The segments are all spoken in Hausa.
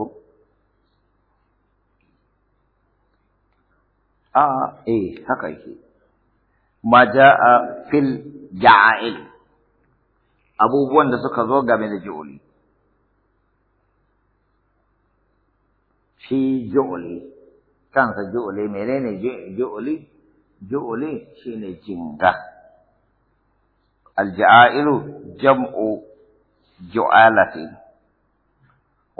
ko a eh haka yake ma jaa fil ja'a'il. abubuwan da suka zo game da joli shi joli kansa joli menene joli shi ne jinga al ja'ilu jam'u ju'alati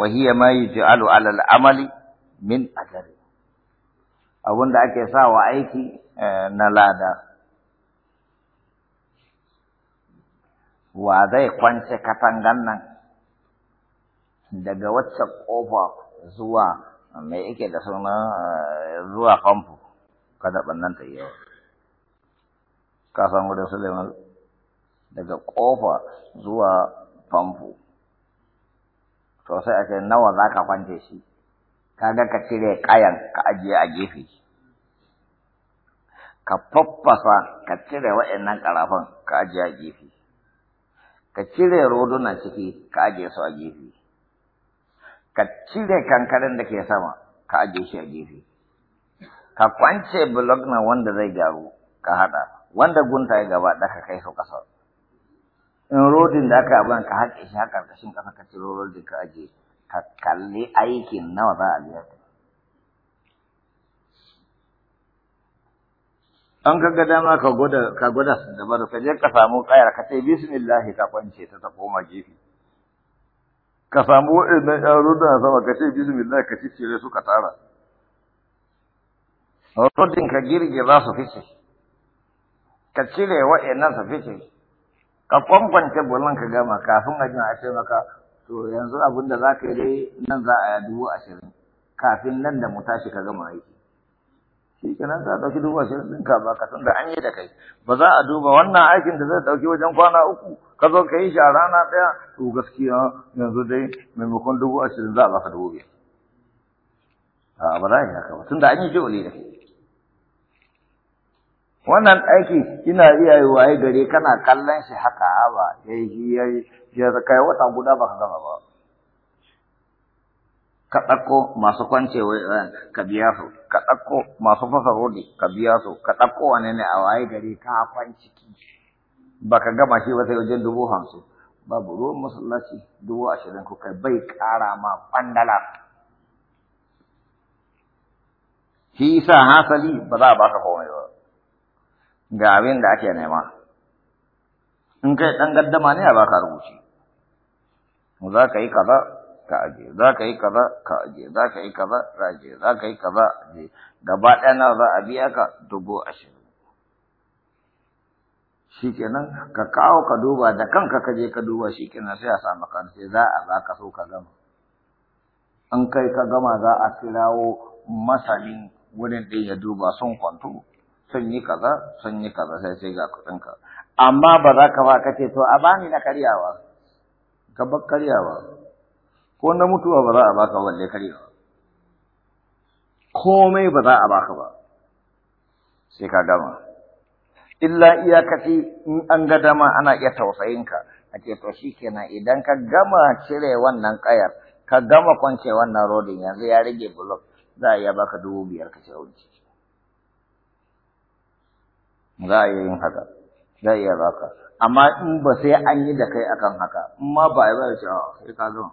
وهي ما يجعل على العمل من Abun abunda ake sa wa aiki eh, na lada wa zai kwance katangan nan daga wacce kofa zuwa mai yake da suna eh, zuwa kamfu kada bannan ta yi ka san wurin su daga kofa zuwa kamfu Sosai sai a ce nawa za ka kwance shi Ka ga ka cire kayan ka ajiye a gefe ka faffasa ka cire wa'annan karafan ka ajiye a gefe ka cire rodunan ciki ka ajiye su a gefe ka cire kankarin da ke sama ka ajiye shi a gefe ka kwance blog na wanda zai gyaru ka haɗa wanda gunta ya gaba ɗaka kai su ƙasa in rodin da aka abin ka haƙe shi ka ƙarƙashin ƙasa ka ciro rodin ka aje ka kalli aikin nawa za a biya ta. an ka ga dama ka gwada ka gwada su da bar ka je ka samu ƙayar ka sai bismillah ka kwance ta ta koma gefe ka samu waɗannan ƴan rodin sama ka ce bismillah ka ciccire su ka tara rodin ka za su fice ka cire waɗannan su fice ka kwankwance bulan ka gama kafin a jin a ce maka to yanzu abin da za ka yi dai nan za a yi dubu ashirin kafin nan da mu tashi ka gama aiki shi kenan za a ɗauki dubu ashirin ɗin ka ba ka san da an yi da kai ba za a duba wannan aikin da zai ɗauki wajen kwana uku ka zo ka yi shi a rana ɗaya to gaskiya yanzu dai maimakon dubu ashirin za a baka dubu biyar a ba za a yi haka ba tunda an yi ji'uli da kai wannan aiki ina iya yi waye gare kana kallon shi haka ba ya yi ya yi ya kai wata guda ba ka gama ba ka ɗauko masu kwancewa eh, ka biya su ka ɗauko masu fasa rodi ka biya su ka ɗauko wani ne a waye gare ka kwanci ba ka gama shi ba sai wajen dubu hamsin babu ruwan masallaci dubu ashirin ko kai bai ƙara ma kwandala shi yasa hasali ba za a baka komai ba ga abin da ake nema in kai ɗan gaddama ne a baka rubuci za ka yi kaza ka aje za ka yi kaza ka aje za ka yi kaza ka aje za ka yi kaza aje gaba ɗaya na za a biya ka dubu ashirin shikenan ka kawo ka duba da kanka ka je ka duba shikenan sai a sa maka sai za a za ka so ka gama in kai ka gama za a kirawo masanin wurin ɗin ya duba sun kwanto sun yi kaza sun yi kaza sai sai ga kuɗinka amma ba za ka ba ka ce to a bani na karyawa ka bar karyawa ko na mutuwa ba za a baka balle karyawa komai ba za a baka ba sai ka gama illa kafi in an ga dama ana iya tausayinka a ce to shikenan idan ka gama cire wannan kayar ka gama kwance wannan rodin yanzu ya rage bulok za a iya baka dubu biyar ka ce wuce za a yin haka za a iya baka amma in ba sai an yi da kai akan haka in ma ba a yi ba ya ce a ah, sai ka zo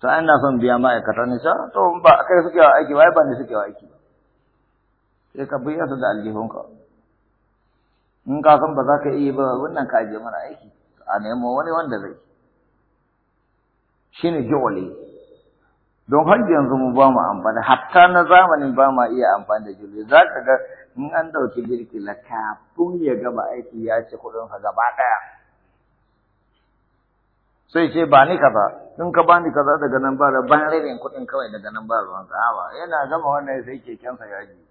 to ana son biya ma'aikata ne sa ah, to ba kai suke wa aiki wai ba ne suke wa aiki sai ka biya su da aljihunka in ka san ba za ka iya ba wannan ka je mana aiki a nemo wani wanda zai shine jawali don har yanzu mu ba mu amfani hatta na zamanin ba ma iya amfani da jirgi za ka ga in an ɗauki birkila kafin ya gaba aiki ya ce kuɗinsa gaba ɗaya sai ce ba ni kaza in ka bani kaza daga nan ba ban rabin kuɗin kawai daga nan ba ruwan sa'awa yana gama wannan sai kekensa ya ji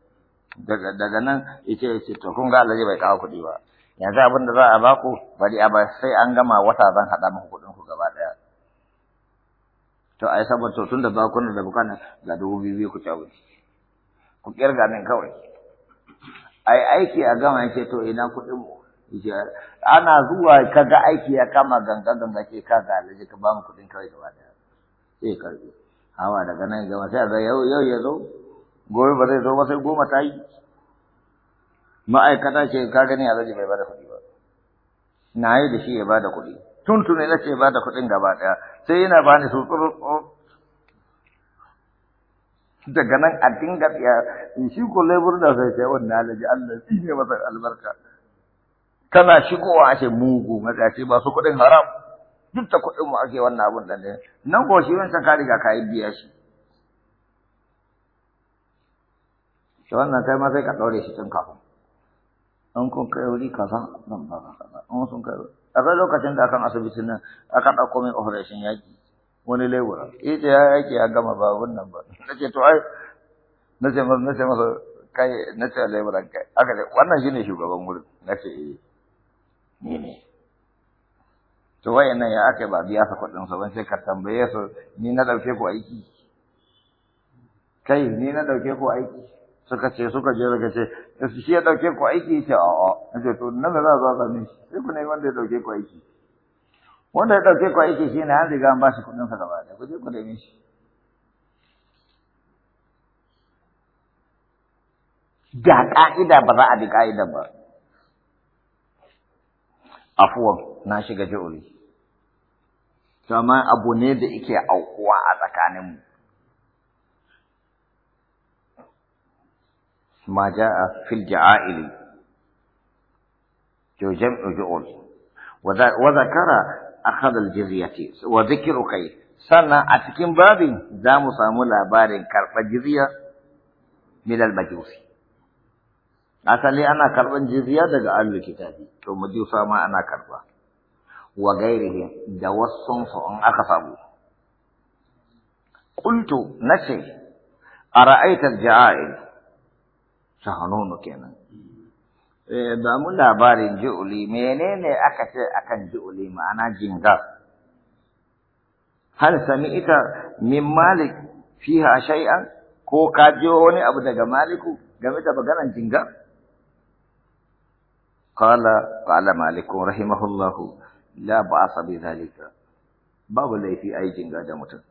daga daga nan yace yace to kun ga Alhaji bai kawo kuɗi ba yanzu abin da za a baku bari a ba sai an gama wata zan haɗa muku kuɗin ku gaba to ai saboda tun da bakuna da bukana ga dubu biyu biyu ku ci ku ku ga min kawai ai aiki a gama yake to ina kuɗin mu ana zuwa kaga aiki ya kama ganga ganga ke ka ga alaji ka ba mu kuɗin kawai gaba ɗaya sai karbi hawa daga nan gama sai ga yau yau ya zo gobe ba zai zo ba sai goma ta yi ma'aikata ce ka gani alaji bai bada kuɗi ba na yi da shi ya bada kuɗi tuntune na ce ba da kuɗin gaba ɗaya sai yana ba ni su daga nan a dinga tsaya in shi ko lebur da sai sai wannan alaji Allah shi ne masa albarka kana shigowa a ce mugu matsayaci ba su kuɗin haram duk da kuɗin mu ake wannan abun da ne nan ko shi wancan ka riga ka yi biya shi to wannan kai ma sai ka ɗaure shi tun kafin in kun kai wuri kaza zan ba ka kaza in sun kai aka lokacin da akan asibitin nan aka dauko min operation yaƙi wani lebura ita ya yake ya gama ba wannan ba nace ce to ai nace ce nace ma kai nace ce kai aka ce wannan shine shugaban wurin nace ce eh ni ne to wayannan ya aka ba biya sa kudin sa ban sai ka tambaye su ni na dauke ku aiki kai ni na dauke ku aiki suka ce suka je suka ce shi ya dauke ku aiki ce a'a ce to nan za a ka shi sai ku ne wanda ya dauke ku aiki wanda ya dauke ku aiki shine an riga an bashi kudin sa gaba ku je ku da shi da ka'ida ba za a bi ka'ida ba afuwan na shiga ji'uri to amma abu ne da yake aukuwa a tsakaninmu ما جاء في الجعائل جو جمع جؤون وذكر أخذ الجزية وذكر كيف سنة أتكين باب دام صامل أبار كرف الجزية من المجوس أتى لي أنا كرف الجزية دقاء الكتابي ثم جوسا ما أنا كرف وغيره دوسن صعن أخصابه قلت نسي أرأيت الجعائل no kenan da eh, mun labarin ji'uli menene aka ce akan ji'uli ma'ana jingar hal ita min malik fiha shay'an ko ka je wani abu daga maliku game da maganan jingar qala qala malikun rahimahullahu la ba'sa bi zalika babu laifi ai jinga da mutum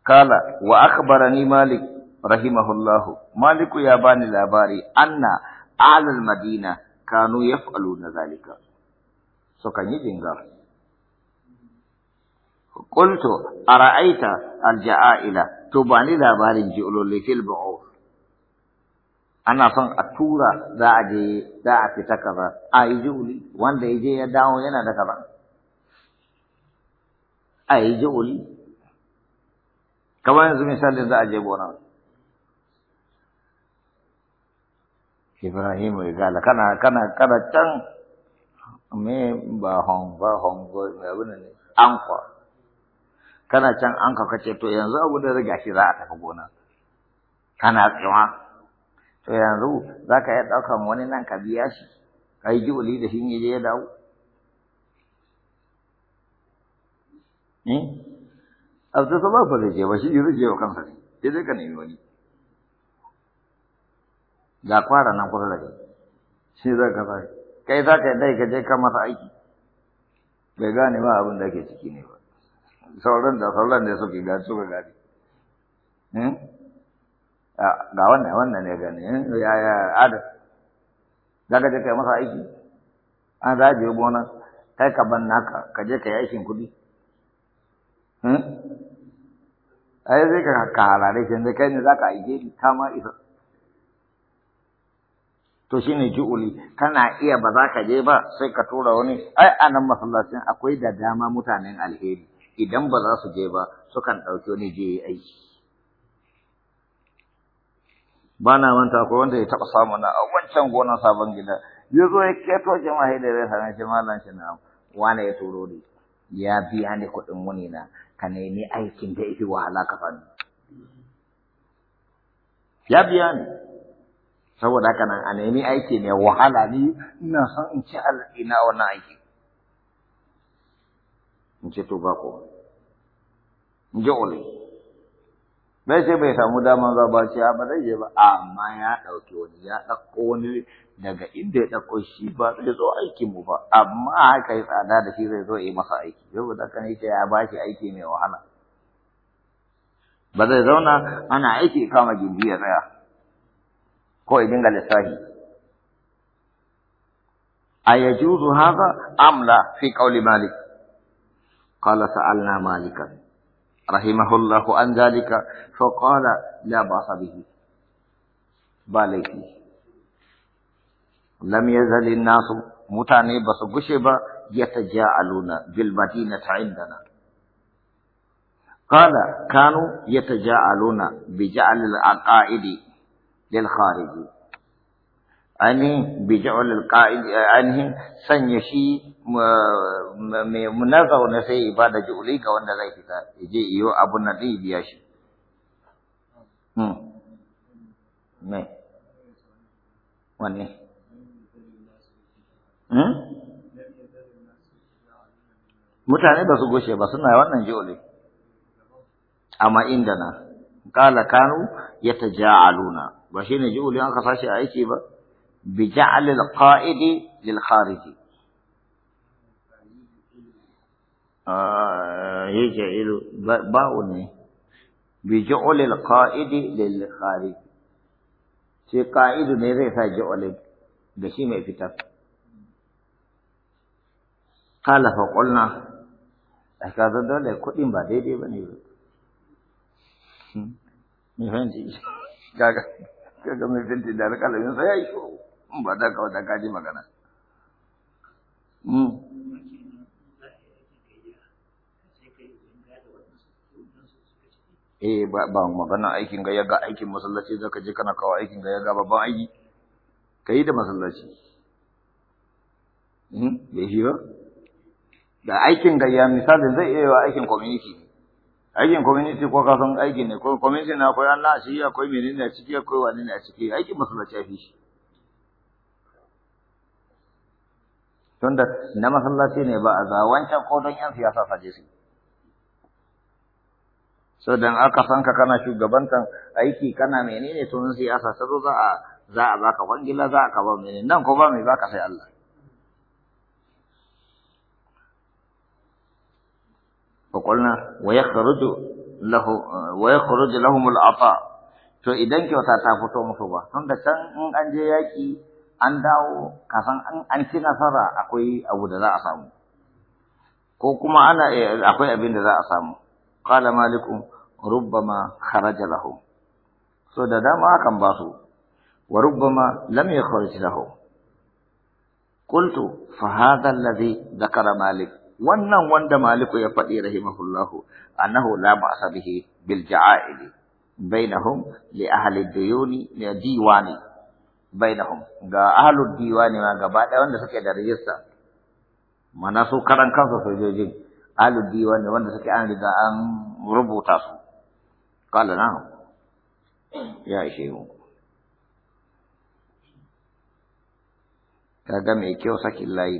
Kala wa akhbarani malik رحمه الله مالك يابان الاباري ان آل المدينة كانوا يفعلون ذلك سو سكني جنجر قلت أرأيت الجائلة تباني لابارين جئلو اللي في البعوث أنا صنع التورة دا أجي دا أتي تكرا أي جولي وان دا يجي يداو ينا تكرا أي جولي كمان يزمي سالي دا أجي بونا Ibrahim ya gala kana kana kana can me ba hon ba hon go abin ne anko kana can anko kace to yanzu abu da riga shi za a tafi gona kana tsima to yanzu zaka iya daukan wani nan ka biya shi kai jiwali da shin yaje ya dawo eh abu to ba fa zai je ba shi yuri je wa kansa sai dai ka nemi wani ga kwara nan kusa da shi zai ka kai za ka dai ka je ka masa aiki bai gane ba abin da ke ciki ne ba sauran da sauran da suke gani suka gani hmm? ga wannan wannan ne gani hmm? ya ya ada. za ka je ka masa aiki an je gona kai ka ban naka ka je ka yi aikin kuɗi hmm? ai zai ka halare shi zai kai ne za ka aike ta ma isa to shi ne ju'uli kana iya ba za ka je ba sai ka tura wani ai a nan masallacin akwai da dama mutanen alheri idan ba za su je ba sukan ɗauki wani je aiki ba na manta ko wanda ya taɓa samu na a wancan gonar sabon gida ya zo ya keto jama'a da ya sami shi malam shi na wane ya turo ni ya biya ni kuɗin wuni na ka nemi aikin da fi wahala ka fani ya biya ni saboda haka nan a nemi aiki mai wahala ni ina son in ci arziki na wannan aiki in ce to ba ko in ji ole bai sai bai samu daman za ba ce ba zai je ba amma ya ɗauki wani ya ɗauko wani daga inda ya ɗauko shi ba zai zo aiki mu ba amma haka yi tsada da shi zai zo yi masa aiki saboda haka ne ya ba shi aiki mai wahala ba zai zauna ana aiki kama gindi ya tsaya ko ya dinga lissafi a yajuzu hadha amla fi qawli malik qala sa'alna malikan رحمه الله عن ذلك فقال لا بأس به بالكي لم يزل الناس متاني بس قشبا يتجاعلون بالمدينة عندنا قال كانوا يتجاعلون بجعل العقائد للخارجي أني بجعل القائد أني سنيشي منازع ونسي إبادة جولي كون ذلك يجي يو أبو النبي بياشي هم ne wanne hmm? mutane ba su goshe ba suna wannan jole amma inda na قال كانوا يتجاعلون وشين يجوا لي أنا خصاشي أي شيء بجعل القائد للخارج آه يجعل باوني بجعل القائد للخارج شي قائد نيري فجعل بشي ما يفتح قال فقلنا أكاد دولة كل ما ديدي بني mai fanci kaga kaga mai fanci da alƙalamin sa yayi in ba da ka wata kaji magana hmm. eh ba ba magana aikin ga yaga aikin masallaci zaka je kana kawo aikin ga babban aiki kai da masallaci hmm, bai shi ba da aikin gayya misalin zai iya wa aikin community aikin community ko ka san aiki ne ko community na akwai Allah shi ya akwai menene a ciki akwai wani ne a ciki aikin masallaci a fi shi tunda na masallaci ne ba a za wancan ko don yan siyasa saje su so dan aka san ka kana shugabantan aiki kana menene tunan siyasa sai za a za a baka kwangila za a ka ba menene nan ko ba mai baka sai Allah وقلنا ويخرج له ويخرج لهم العطاء to idan kyauta ta fito musu ba tun da can in an je yaki an dawo kafin an ci nasara akwai abu da za a samu ko kuma ana akwai abin da za a samu qala malikum rubbama kharaja lahum so da dama akan ba su wa rubbama lam yakhrij lahum qultu fa hadha alladhi dhakara malik wannan wanda maliku ya faɗi rahimahullahu annahu la ba'sa bihi bil ja'ili bainahum li ahli diyuni li diwani bainahum ga ahli diwani ma gaba ɗaya wanda suke da rijista mana su karan kansu sojojin ahli diwani wanda suke an riga an rubuta su qala na'am ya ishe mu kaga mai kyau sakin layi